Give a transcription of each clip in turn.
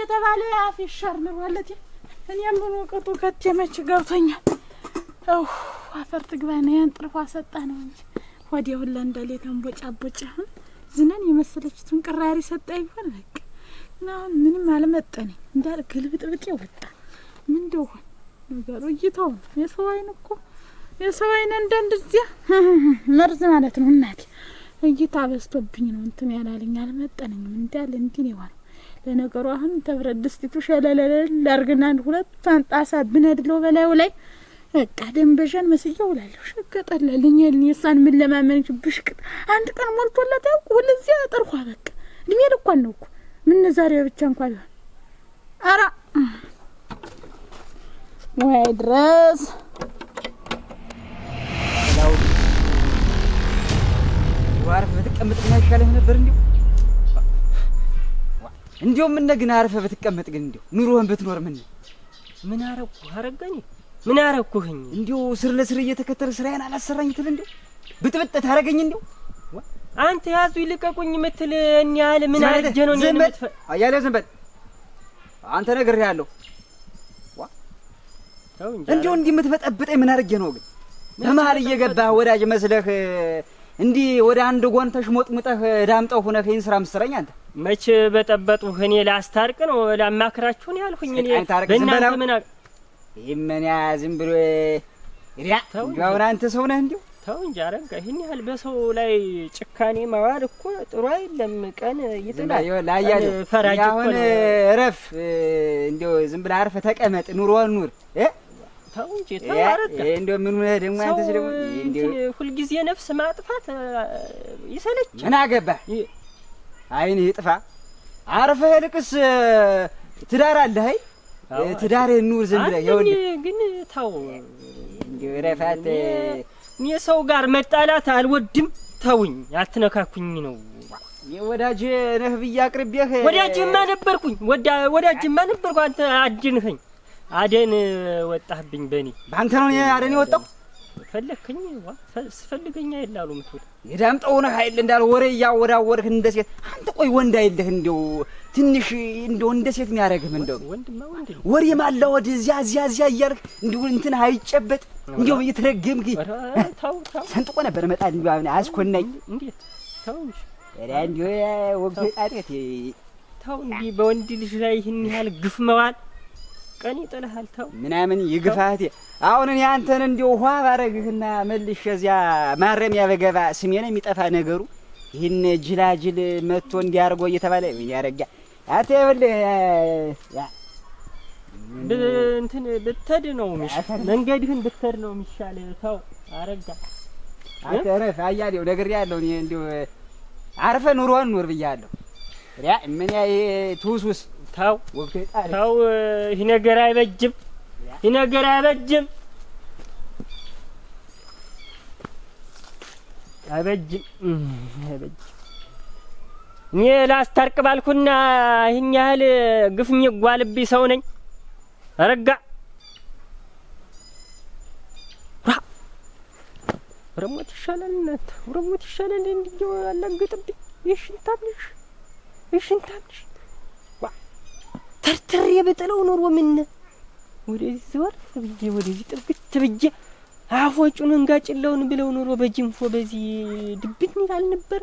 እየተባለ አፍ ይሻር ምሯለት እኔም ብሎ ቅጡ ከት የመች ኦህ አፈር ትግባ ነው ያን ጥርፏ ሰጣ ነው እንጂ ወዲያ ሁላ እንዳለ ተንቦጫ ቦጫ አሁን ዝናን የመሰለችቱን ቅራሪ ሰጣ ይሆን በቃ ናሁን ምንም አልመጠነኝ እንዳል ግልብጥብጤ ወጣ። ምን ደሆን ነገሩ እይተው የሰው አይን እኮ የሰው አይን አንዳንድ እዚያ መርዝ ማለት ነው እናቴ እይታ በዝቶብኝ ነው እንትን ያላለኝ አልመጠነኝም እንዳል እንዲን ይሆን ለነገሩ አሁን ተብረት ድስቲቱ ሸለለለል ላርግና አንድ ሁለት አንጣሳ ብነድለው በላዩ ላይ በቃ ደንበዣን መስዬ ውላለሁ። ሸገጠለልኝ ልኝ እሷን ምን ለማመንች ብሽቅጥ አንድ ቀን ሞልቶላት ያውቁ ሁለዚያ አጠርኳ በቃ እድሜ ልኳን ነው እኮ ምን ዛሬ ብቻ እንኳ ቢሆን አራ ወይ ድረስ ዋርፍ ብትቀምጥ አይሻልህም ነበር እንዲሁ እንዲሁም ምነህ ግን አርፈ ብትቀመጥ ግን እንዲሁ ኑሮህን ብትኖር ምን ምን አረኩ አረገኝ ምን አረኩህኝ? እንዲሁ ስር ለስር እየተከተልህ ስራዬን አላሰራኝ ትል እንዲሁ ብጥብጥ ታረገኝ እንዲሁ አንተ ያዙ ይልቀቁኝ ምትል እኔ ያህል ምን አርጀ ነው ዘንበት አያለ ዘንበት አንተ ነገር ነግሬሃለሁ። እንዲሁ እንዲህ የምትበጠብጠኝ ምን አርጀ ነው ግን በመሀል እየገባህ ወዳጅ መስለህ እንዲህ ወደ አንድ ጎን ተሽሞጥሙጠህ ዳምጠው ሁነህ ይህን ስራ ምስረኝ። አንተ መቼ በጠበጡህ? እኔ ላስታርቅ ነው ላማክራችሁን ያልሁኝ። በእናንተ ምን ያ ዝም ብሎ አሁን አንተ ሰው ነህ እንዲሁ ተው እንጂ አረጋ፣ ይህን ያህል በሰው ላይ ጭካኔ ማዋል እኮ ጥሩ አይደለም። ቀን ይጥላል። ፈራጅ አሁን እረፍ፣ እንዲሁ ዝም ብለህ አርፈህ ተቀመጥ፣ ኑሮህን ኑር። እ ተው እንጂ ተው። አረጋ እንደው ደግሞ ሁልጊዜ ነፍስ ማጥፋት ይሰለች። ምን አገባህ? አይንህ ይጥፋ። አርፈህ ልቅስ። ትዳር አይ ትዳር ዝም ብለህ ግን ተው ረፋት። እኔ ሰው ጋር መጣላት አልወድም። ተውኝ፣ አትነካኩኝ ነው ነህ ብዬ አቅርቤህ ወዳጅማ ነበርኩኝ። ወዳጅማ ነበርኩ። አንተ አድንኸኝ አደን ወጣህብኝ። በእኔ በአንተ ነው አደን የወጣው። ፈለግከኝ ስፈልገኛ ይላሉ ምትል የዳምጠው ነህ አይደል? እንዳል ወሬ እያወራወርህ እንደ ሴት አንተ። ቆይ ወንድ አይደለህ? እንደው ትንሽ እንዲው እንደ ሴት የሚያደርግህ እንደው ወንድ ወሬ ማላወድ እዚያ እዚያ እዚያ እያልህ እንዲሁ እንትን አይጨበጥ እንዲሁ እየተረገምክ ሰንጥቆ ነበር መጣ እንዲ አያስኮናኝ። እንዴት ታውሽ እንዲሁ ወቅቱ ጣጤት ታው እንዲህ በወንድ ልጅ ላይ ይህን ያህል ግፍ መዋል ቀን ይጥልሃል። ተው ምናምን ይግፋት። አሁን እኔ አንተን እንዲሁ ውሃ ባረግህና መልሽ እዚያ ማረሚያ በገባ ስሜ የሚጠፋ ነገሩ። ይህን ጅላጅል መጥቶ እንዲያርጎ እየተባለ ምን ያረጋ አተ ይብል እንትን ብትድ ነው ሚሻ መንገድህን ብትድ ነው የሚሻል። ተው አረጋ አንተ ረፍ አያሌው ነግሬሃለሁ። እኔ እንዲሁ አርፈህ ኑሮህን ኑር ብያለሁ። ምን ያ ትውስውስ ተው ተው፣ ይህ ነገር አይበጅም፣ ይህ ነገር አይበጅም፣ አይበጅም፣ አይበጅም። እኔ ላስታርቅ ባልኩና ይህን ያህል ሰው ነኝ። ረጋ ረሞት ይሻላል፣ እናት ረሞት ይሻላል። አላገጥብኝ ይሽንታብልሽ፣ ተርትሬ በጥለው ኖሮ ምን ወደዚህ ዘወር ብዬ ወደዚህ ጥብት ብዬ አፎጩን እንጋጭለውን ብለው ኖሮ በጅንፎ በዚህ ድብት ይላል ነበር።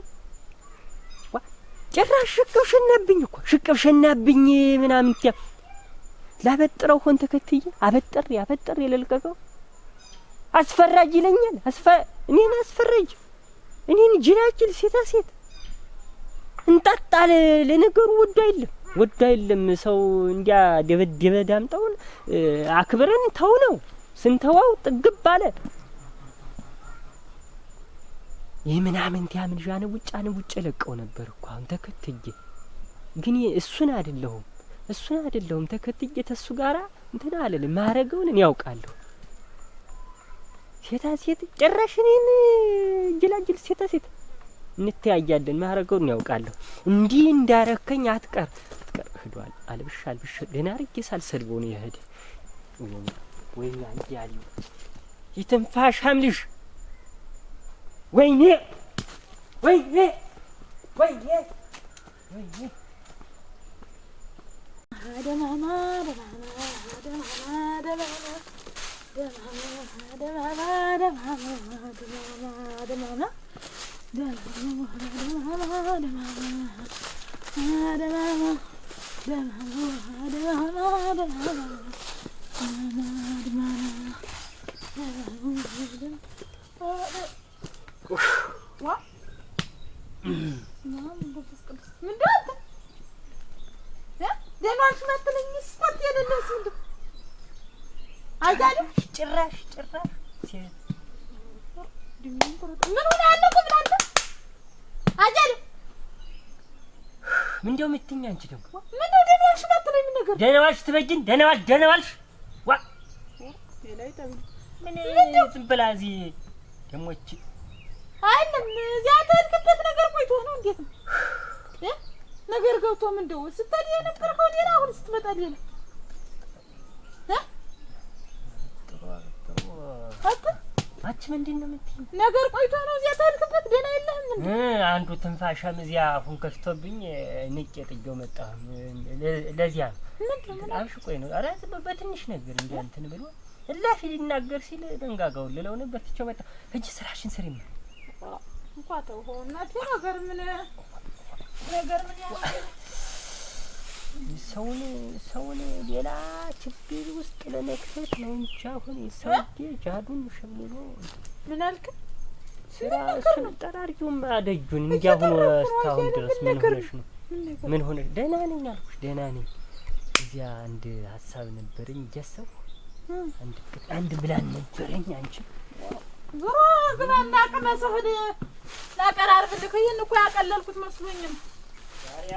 ጭራሽ ሽቅብ ሸናብኝ እኮ ሽቅብ ሸናብኝ ምናምን ቲያ ላበጥረው ሆን ተከትዬ አበጥሬ አበጥሬ ለልቀቀው አስፈራጅ ይለኛል። አስፈ እኔን አስፈራጅ እኔን ጅላጅል ሴታ ሴት እንጣጣ ለነገሩ ወዶ አይደለም ወዳ የለም ሰው እንዲያ ደበደበ። ዳምጠውን አክብረን ተው ነው ስንተዋው ጥግብ አለ። ይህ ምናምን ያምን ዣን ውጭ አን ውጭ ለቀው ነበር እኮ አሁን ተከትዬ፣ ግን እሱን አይደለሁም እሱን አይደለሁም ተከትዬ ተሱ ጋራ እንትን አለል ማረገውን እኔ ያውቃለሁ። ሴታ ሴት ጭራሽ እኔን ጅላጅል ሴታ ሴት እንተያያለን። ማረገውን እኔ ያውቃለሁ። እንዲህ እንዳረከኝ አትቀር ይወደዋል። አልብሽ አልብሽ ገና አርጌ ሳልሰድበው ነው የሄደ። ወይኔ አንቺ ያለው ይትንፋሽ ሐምልሽ ወይኔ ወይኔ ወይኔ ወይኔ ደማማ ደማማ ደማማ ደማማ ደማማ ደማማ ደማማ ጭራሽ ጭራሽ ምን ሆነ ያለው እኮ ብላ አንተ አጀል ምንድነው የምትይኝ አንቺ ደግሞ ምንም ነገር ደህና ዋልሽ ትበይን። ደህና ዋልሽ፣ ደህና ዋልሽ። ዋ ምን ዝም ብላ እዚህ ደሞች አይደለም እዚያ ተልክበት ነገር ቆይቶ ነው። እንዴት ነው ነገር ገብቶም እንደው ስትሄድ የነበርከው ሌላ፣ አሁን ስትመጣ ሌላ አንቺ ምንድን ነው የምትይኝ ነገር? ቆይቶ ነው እዚያ ታልክበት ገና የለህም እንዴ? አንዱ ትንፋሻም እዚያ አፉን ከፍቶብኝ ንቄ ጥየው መጣሁ። ለዚያ ነው ቆይ ነው። ኧረ በትንሽ ነገር እንደ እንትን ብሎ እላፊ ሊናገር ሲል ደንጋጋው ልለው ነበር ትቼው መጣሁ። ሂጂ ስራሽን ስሪ። ምን እንኳን ተው ሆና ነገር ምን ነገር ምን ያ ሰውን ሰውን ሌላ ችግር ውስጥ ለመክተት ነው እንጂ አሁን የሰውዴ ጃዱን ሸምሎ ምን አልክ? ስራ እሱን ጠራርጊውም አደጁን እንዲያ ሆኖ እስካሁን ድረስ ምን ሆነሽ ነው? ምን ሆነሽ? ደህና ነኝ አልኩሽ፣ ደህና ነኝ። እዚያ አንድ ሀሳብ ነበረኝ እያሰብኩ አንድ አንድ ብላን ነበረኝ አንቺ ዞሮ ግን አናቅመ ላቀራርብልህ ይህን እኮ ያቀለልኩት መስሎኝም ዛሬ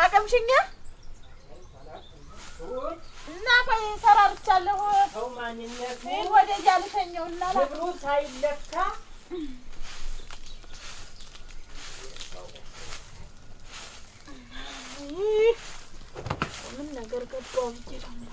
አቅምሽኛ እና ቆይ ሰራርቻለሁ። ሰው ማንነት ወደዚያ ልሸኘው እና ክብሩ ሳይለካ ምን ነገር ገባው ብዬሽ ነው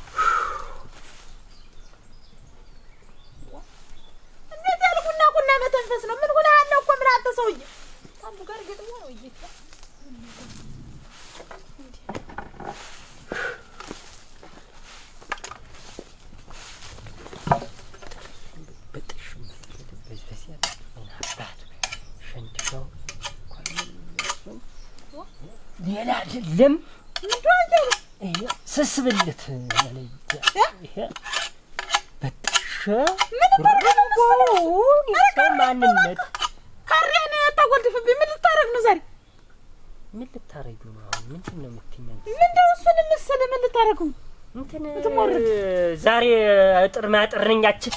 አይደለም ስስብልት በጥሸ ማንነት ካሬን ታጎድፍብኝ። ምን ልታረግ ነው ዛሬ? ምን ልታረጊ ነው? ምንድን ነው የምትይኝ? ምንድን እሱን መሰለ? ምን ልታረግ እንትን ዛሬ እጥር ማጥርንኛችን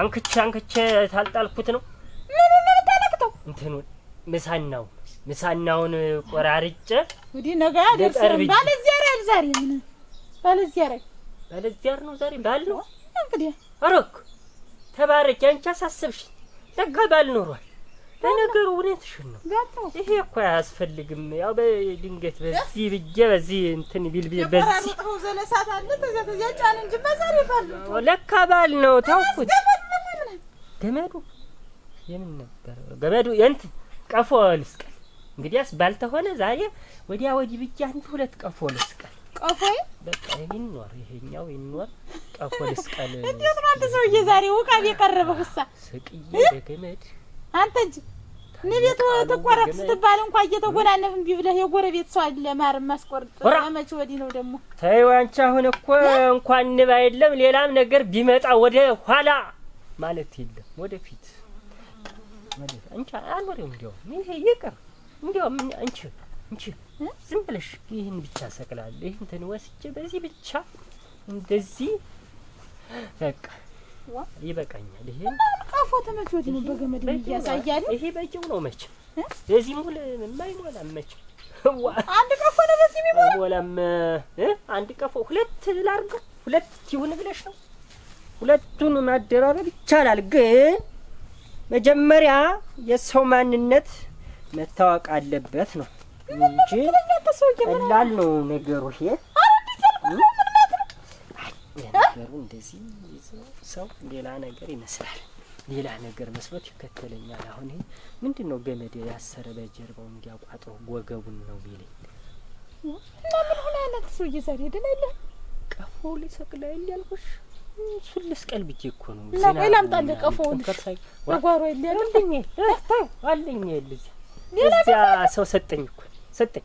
አንክቼ አንክቼ ታልጣልኩት ነው። ምን ነው ታለክተው እንትኑን ምሳናውን ምሳናውን ቆራርጨ ወዲ ነገ አደርስም። ባል እዚያ አይደል ዛሬ ምን ባል እዚያ አይደል ባል እዚያ ነው ዛሬ ባል ነው እንግዲህ። ኧረ ተባረክ ተባረኪ አንቺ አሳስብሽ። ለካ ባል ኖሯል። ለነገሩ እውነትሽን ነው። ይሄ እኮ አያስፈልግም። ያው በድንገት በዚህ ብጀ በዚህ እንትን ቢልቢል በዚህ ለካ ባል ነው ታውቁት ገመዱ የምን ነበር ገመዱ የንት ቀፎ ልስቀ እንግዲያስ ባልተሆነ ዛሬ ወዲያ ወዲህ ብቻ አንድ ሁለት ቀፎ ልስቀል። ቀፎ በቃ ይኖር ይሄኛው ይኖር ቀፎ ልስቀል። እንዴት ነው አንተ ሰውዬ ዛሬ ውቃብ የቀረበ ሁሳ ስቅዬ በገመድ አንተ እንጂ እኔ ቤት ተቆረጥ ስትባል እንኳን እየተጎናነፍ እምቢ ብለህ የጎረቤት ሰው አለ ማር ማስቆርጥ ለመቼ ወዲህ ነው ደግሞ? ተይው አንቺ አሁን እኮ እንኳን ንብ አይደለም ሌላም ነገር ቢመጣ ወደ ኋላ ማለት የለም ወደፊት ማለት አንቺ አልወሬው እንዲያው ይሄ ይቅር እንዲያውም አንቺ አንቺ ዝም ብለሽ ይህን ብቻ ሰቅላል ይህን እንትን ወስጄ በዚህ ብቻ እንደዚህ በቃ ይበቃኛል። ይሄ ቀፎ ተመች ነው በገመድ እያሳያል። ይሄ በቂው ነው መቼም በዚህ ሙሉ የማይሞላም መቼም አንድ ቀፎ ነው በዚህ የሚሞላ ሞላም አንድ ቀፎ ሁለት ላድርገው ሁለት ይሁን ብለሽ ነው። ሁለቱን ማደራረብ ይቻላል፣ ግን መጀመሪያ የሰው ማንነት መታወቅ አለበት ነው እንጂ ቀላል ነው ነገሩ። ይሄ ነገሩ እንደዚህ ሰው ሌላ ነገር ይመስላል። ሌላ ነገር መስሎት ይከተለኛል። አሁን ይሄ ምንድን ነው? ገመድ ያሰረ በጀርባው እንዲያቋጥሮ ወገቡን ነው ቢለኝ እና ምን ሆነ ያላት ሰውዬ ዛሬ ሄደን አለ ቀፎ ሊሰቅላይ ያልኩሽ እሱን ልስቀል ብዬ እኮ ነው ላምጣለ ቀፎውን ጓሮ አለኝ አለኝ ልጅ እዚያ ሰው ሰጠኝ እኮ ሰጠኝ።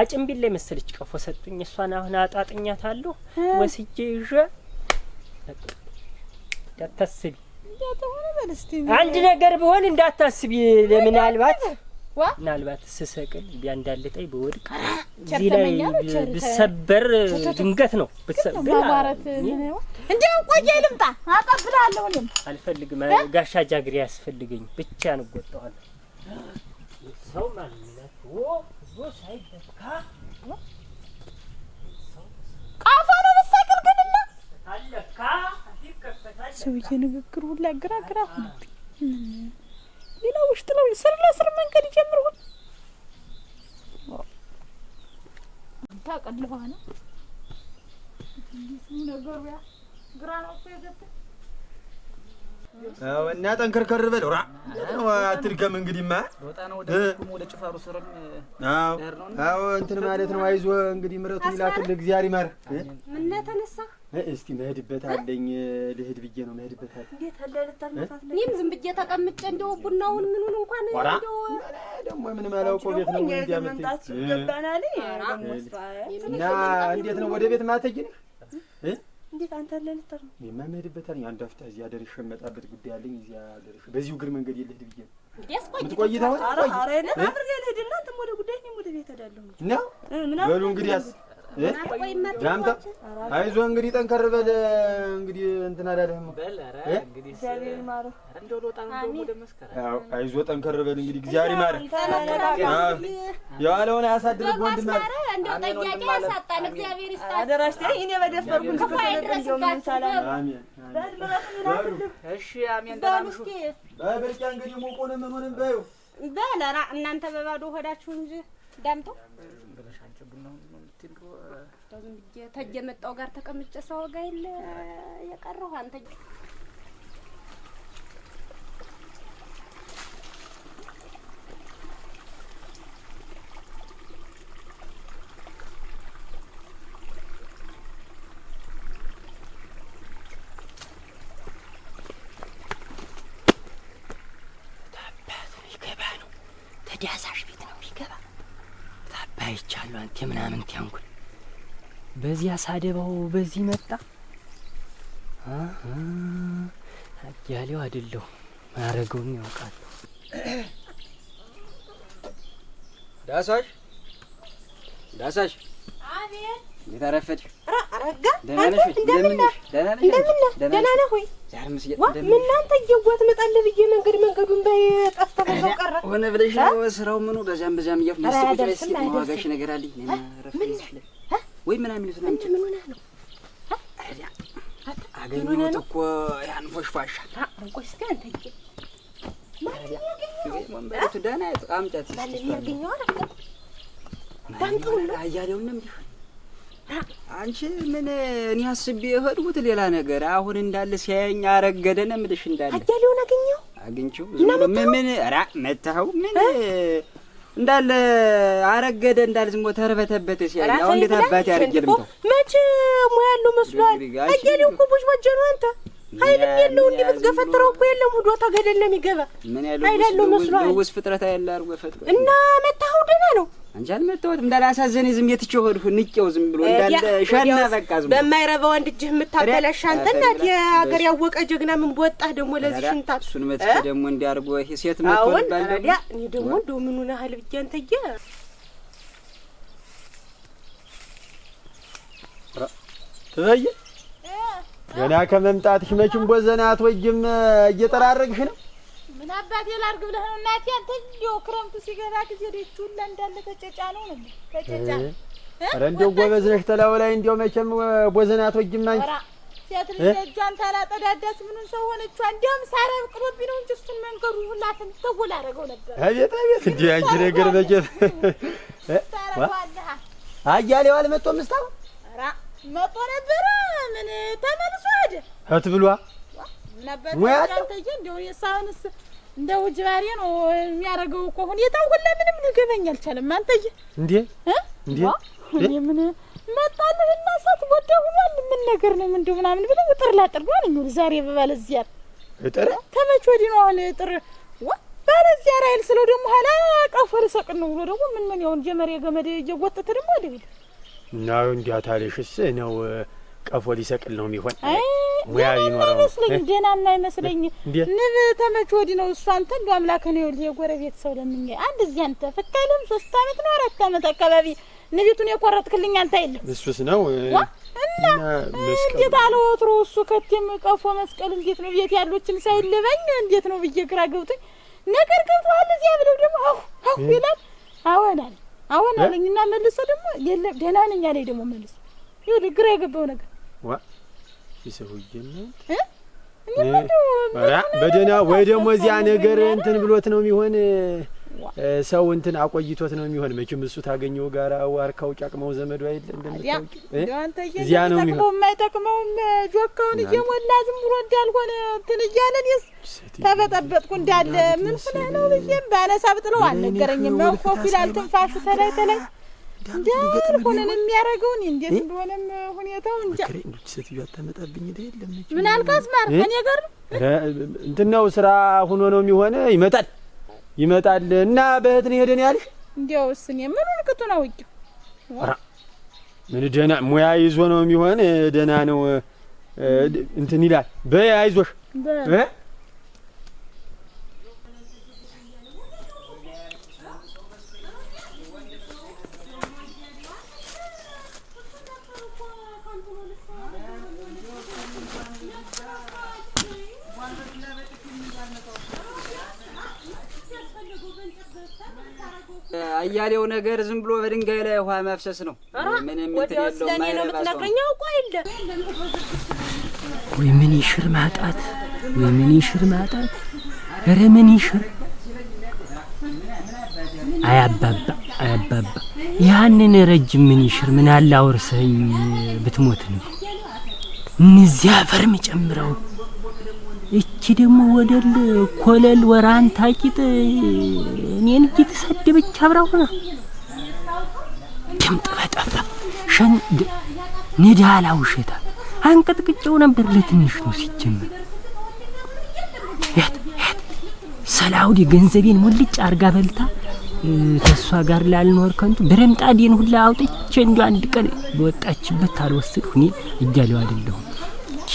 አጭንቢል መሰለች ቀፎ ሰጡኝ። እሷን አሁን አጣጥኛታለሁ ወስጄ ይዤ እንዳታስቢ፣ አንድ ነገር ብሆን እንዳታስቢ። ለምናልባት ምናልባት ስሰቅል ቢያንዳልጠኝ በወድቅ እዚህ ላይ ብሰበር ድንገት ነው እንዲያው ቆየ ልምጣ አቀብላለሁ። ልም አልፈልግም። ጋሻ ጃግሬ ያስፈልገኝ ብቻ ነው። ሰው መለኮ ዞ ሳይደካ ቃፋነ መሳቅል ግንና ሰውዬ ንግግር ሁላ ግራ ግራ ሆነብኝ። ሌላ ውሽጥ ነው ስር ለስር መንገድ ይጀምር ሁን አንተ አቀልኋ ነው ነገሩ ያ ግራ ነው እኮ የገባ እና ጠንከርከር በል ራ አትድከም። እንግዲህማ አዎ እንትን ማለት ነው። አይዞህ እንግዲህ ምረቱ ይላክልህ እግዚአብሔር ይማር። ምን ተነሳ? እስቲ መሄድበት አለኝ ልሄድ ብዬ ነው መሄድበት አለኝ። እኔም ዝም ብዬ ተቀምጬ እንደው ቡናውን ምኑን እንኳን ደግሞ ምንም አላውቀው ቤት ነው እና እንዴት ነው ወደ ቤት ማተጅ ነው እንዴት አንተ አለ ልጠር ነው እኔማ የምሄድበት አለኝ። አንድ አፍታ እዚህ አደርሽ የመጣበት ጉዳይ አለኝ። እዚህ አደርሽ በዚሁ እግር መንገድ የለህድ ብዬ ነው ምትቆይተው። አረ አረ አብሬ ልሂድና አንተም ወደ ጉዳይ እኔም ወደ ቤት እሄዳለሁ ነው። ምናምን በሉ እንግዲህ ዳምታ አይዞህ እንግዲህ ጠንከር በል እንግዲህ እንትን አላለህም። አይዞህ ጠንከር በል እንግዲህ እግዚአብሔር ይማርህ። የዋለውን አያሳድርህ ወንድም እናንተ በባዶ ሆዳችሁ እንጂ ዳምተው ዝም ብዬ ተጀመጣው ጋር ተቀምጨ ሰው ሳወጋ የለ የቀረሁ አንተ ከዚያ ሳደባው በዚህ መጣ። አያሌው አይደለሁ ማረገውን ያውቃሉ። ዳሳሽ ዳሳሽ፣ እንዴት አረፈድሽ? ብዬ መንገድ መንገዱን ቀረ። ሆነ ብለሽ ነው ስራው ምኑ በዚያም በዚያም እያፍ ማስተቆጫ ላይ ዋጋሽ ነገር አለኝ ምን ወይ ምናምን ይሉት ነው። ምን ሆነህ ነው? አገኘሁት እኮ ያን ፎሽፋሻ። አንተ አንቺ ምን እኔ አስቤ የሄድኩት ሌላ ነገር፣ አሁን እንዳለ ሲያየኝ አረገደ ነው የምልሽ። እንዳለ አያሌውን አግኝቼው ምን መታኸው ምን እንዳለ አረገደ እንዳለ ዝም ብሎ ተርበተበተ ሲያይ አሁን እንዴት አባቴ አረጀ ልምጣ መቼ ሙያ መስሏል። አየኔው እኮ ቡጅ አንተ ኃይልም የለው እንዲህ ብትገፈትረው እኮ የለም ሁዶ ተገደል ነው ምን ያለው ኃይል ያለው መስሏል። ውስ ፍጥረት አይደል አርጎ ፈጥሮ እና መታኸው ደህና ነው አንቺ አልመጣሁትም እንዳላሳዘን ዝም የትቼው ሆድሁ ንቄው ዝም ብሎ እንዳለ ሸና በቃ ዝም በማይረባ ወንድ እጅህ የምታበላሽ አንተ እናት የሀገር ያወቀ ጀግና ምን በወጣህ ደግሞ ለዚህ ሽንታ እሱን መት ደግሞ እንዲያርጎ ሴት መጥቶን ባለ እኔ ደግሞ እንደው ምኑን ያህል ብዬ አንተዬ ትዘይ ገና ከመምጣትሽ መቼም ቦዘና አትወይም እየጠራረግሽ ነው አባቴ ላርግ ብለህ ነው እናቴ? አንተ ይኸው ክረምቱ ሲገባ ጊዜ ደቹ ሁላ እንዳለ ተጨጫ ነው ነው ተጨጫ። ኧረ እንደው ጎበዝ ነሽ ተላው ላይ እንደው መቼም ቦዘና አትወጂም አንቺ። ሴት ልጅ እጇን ታላጠዳዳስ ምኑን ሰው ሆነች። እንደውም ሳራ ቅሎብኝ ነው እንጂ እሱን መንገዱ ሁላ ተወላ አደረገው ነበር። አቤት አቤት! እንዴ አንቺ ነገር በጀት አያሌው አልመጣም ምስታው ኧረ መጥቶ ነበረ ምን ተመልሶ ሄደ። እህት ብሏ ነበር ሙያ አለው እንደ ውጅ ነው የሚያደርገው እኮ ሁኔታው ሁላ ምንም ሊገባኝ አልቻለም። አንተዬ እንዴ እንዴ እኔ ምን እና ሰት ወደ ሁሏል ምን ነገር ነው ምንድን ምናምን ብለው እጥር ላጥር ነው አለኝ። ዛሬ በባለ ዚያር እጥር ተመች ወዲህ ነው አለ እጥር ባለ ዚያር አይል ስለው ደግሞ ኋላ ቀፎ ልሰቅል ነው ብሎ ደግሞ ምን ምን ያውን ጀመር የገመድ እየጎተተ ደግሞ ወደ ቤት እና እንዲያ ታሪሽስ ነው ቀፎ ሊሰቅል ነው የሚሆን። ሙያ ይኖረው አይመስለኝ፣ ገና የማይመስለኝ ንብ ተመች ወዲህ ነው እሱ። አንተ እንደው አምላክ ነው ይኸውልህ፣ የጎረቤት ሰው ለምኛ አንድ እዚህ አንተ ፍታለም ሶስት አመት ነው አራት አመት አካባቢ ንቤቱን የቆረጥክልኝ አንተ አይደለም እሱስ ነው እና እንዴት አለ ወትሮ እሱ ከቴም ቀፎ መስቀል እንዴት ነው ቤት ያሉችን ሳይልበኝ እንዴት ነው ብዬ ግራ ገብቶኝ ነገር ገብቶሃል። እዚያ ብለው ደግሞ አሁ አሁ ይላል አወናል አወናለኝ እና መልሶ ደግሞ የለም ደህና ነኝ አለኝ ደግሞ መልሶ ይኸውልህ ግራ የገባው ነገር Eh? Eh? በደህና ወይ ደግሞ እዚያ ነገር እንትን ብሎት ነው የሚሆን ሰው እንትን አቆይቶት ነው የሚሆን። መቼም እሱ ታገኘው ጋር ዋርካው ጫቅመው ዘመዱ አይደል እንደምታውቂው እዚያ ነው የሚሆን። የማይጠቅመውም ጆካውን እየሞላ ዝም ብሎ እንዳልሆነ እንትን እያለ እኔስ ተበጠበጥኩ እንዳለ ምን ሆነ ነው ብዬም ባነሳ ብጥለው አልነገረኝም። መንኮፍ ይላል ትንፋሹ ተላይ ተላይ እንዳልሆነን የሚያደርገው እኔ እንዴት እንደሆነም ሁኔታው እንጃ። እንዲች ሴትዮ አታመጣብኝ ደ የለም ምን አልካስ ማር እኔ ገር እንትን ነው ስራ ሁኖ ነው የሚሆነ ይመጣል ይመጣል። እና በእህት ነው ሄደን ያልሽ እንዲያውስ እኔ ምን ልቅቱን አውቄው ምን ደህና ሙያ ይዞ ነው የሚሆን ደህና ነው እንትን ይላል። በይ አይዞሽ አያሌው ነገር ዝም ብሎ በድንጋይ ላይ ውሃ መፍሰስ ነው። ምንም ወይ ምን ይሽር ማጣት፣ ወይ ምን ይሽር ማጣት፣ ኧረ ምን ይሽር አያባባ አያባባ ያንን ረጅም ምን ይሽር ምን አላወርሰኝ ብትሞት ነው እንዚያ ፈርም ጨምረው እቺ ደግሞ ወደል ኮለል ወራን ታቂጥ እኔን እየተሳደበች አብራው ነው ድምጥ በጠፋ ሸን ንዳላ ውሸታ አንቀጥቅጨው ነበር። ለትንሽ ነው ሲጀመር። ያት ያት ሰላውዲ ገንዘቤን ሙልጭ አርጋ በልታ ተሷ ጋር ላልኖር ከንቱ ብረምጣዴን ሁላ አውጥቼ እንዲ አንድ ቀን በወጣችበት አልወስድ ሁኔ እያለው አይደለሁም ቺ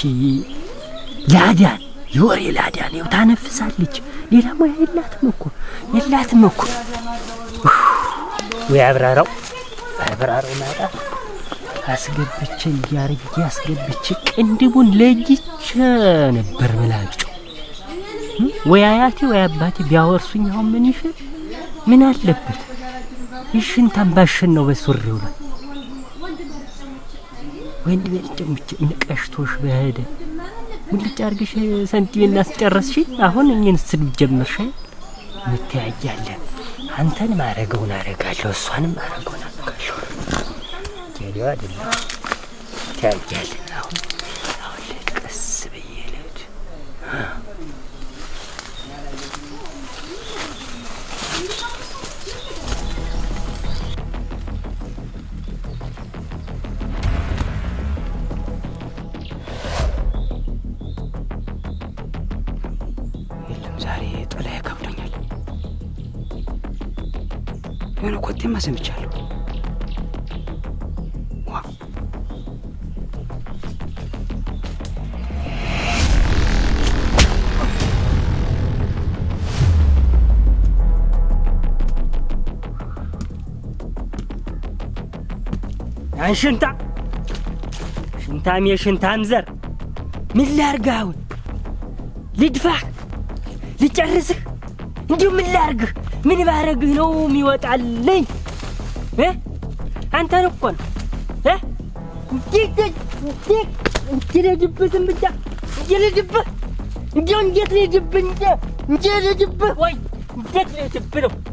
ላዳን የወሬ ላዳ ነው ታነፍሳለች። ሌላ ሙያ የላትም እኮ የላትም እኮ ወይ አብራራው አብራራው ማጣ አስገብቼ እያርጌ አስገብቼ ቅንድቡን ለይቼ ነበር ምላጩ። ወይ አያቴ ወይ አባቴ ቢያወርሱኝ አሁን ምን ይሽን ምን አለበት ይሽን ታምባሽን ነው በሱሪው ላይ ወንድ ቤት ደምቼ ነቀሽቶሽ በሄደ ሙልጭ አድርግሽ ሰንቲሜ እናስጨረስሽ። አሁን እኔን ስድብ ጀመርሽ እንተያያለን። አንተን ማረገውን አረጋለሁ፣ እሷንም ማረገውን አረጋለሁ። ጀዲዋ አይደለም እንተያያለን። አሁን አሁን ልሂድ፣ ቀስ ብዬ ልሂድ። እኔማ ሰምቻለሁ። ሽንታ ሽንታም የሽንታም ዘር ምን ላርግህ? አሁን ልድፋህ? ልጨርስህ? እንዲሁ ምን ላርግህ? ምን ባረግህ ነው የሚወጣልኝ? 왜? 안 타놓건 예? 띠띠 띠 기레집부터 문자 기레집부 이런 기레집부 이제 기레집부 와이 기레집부로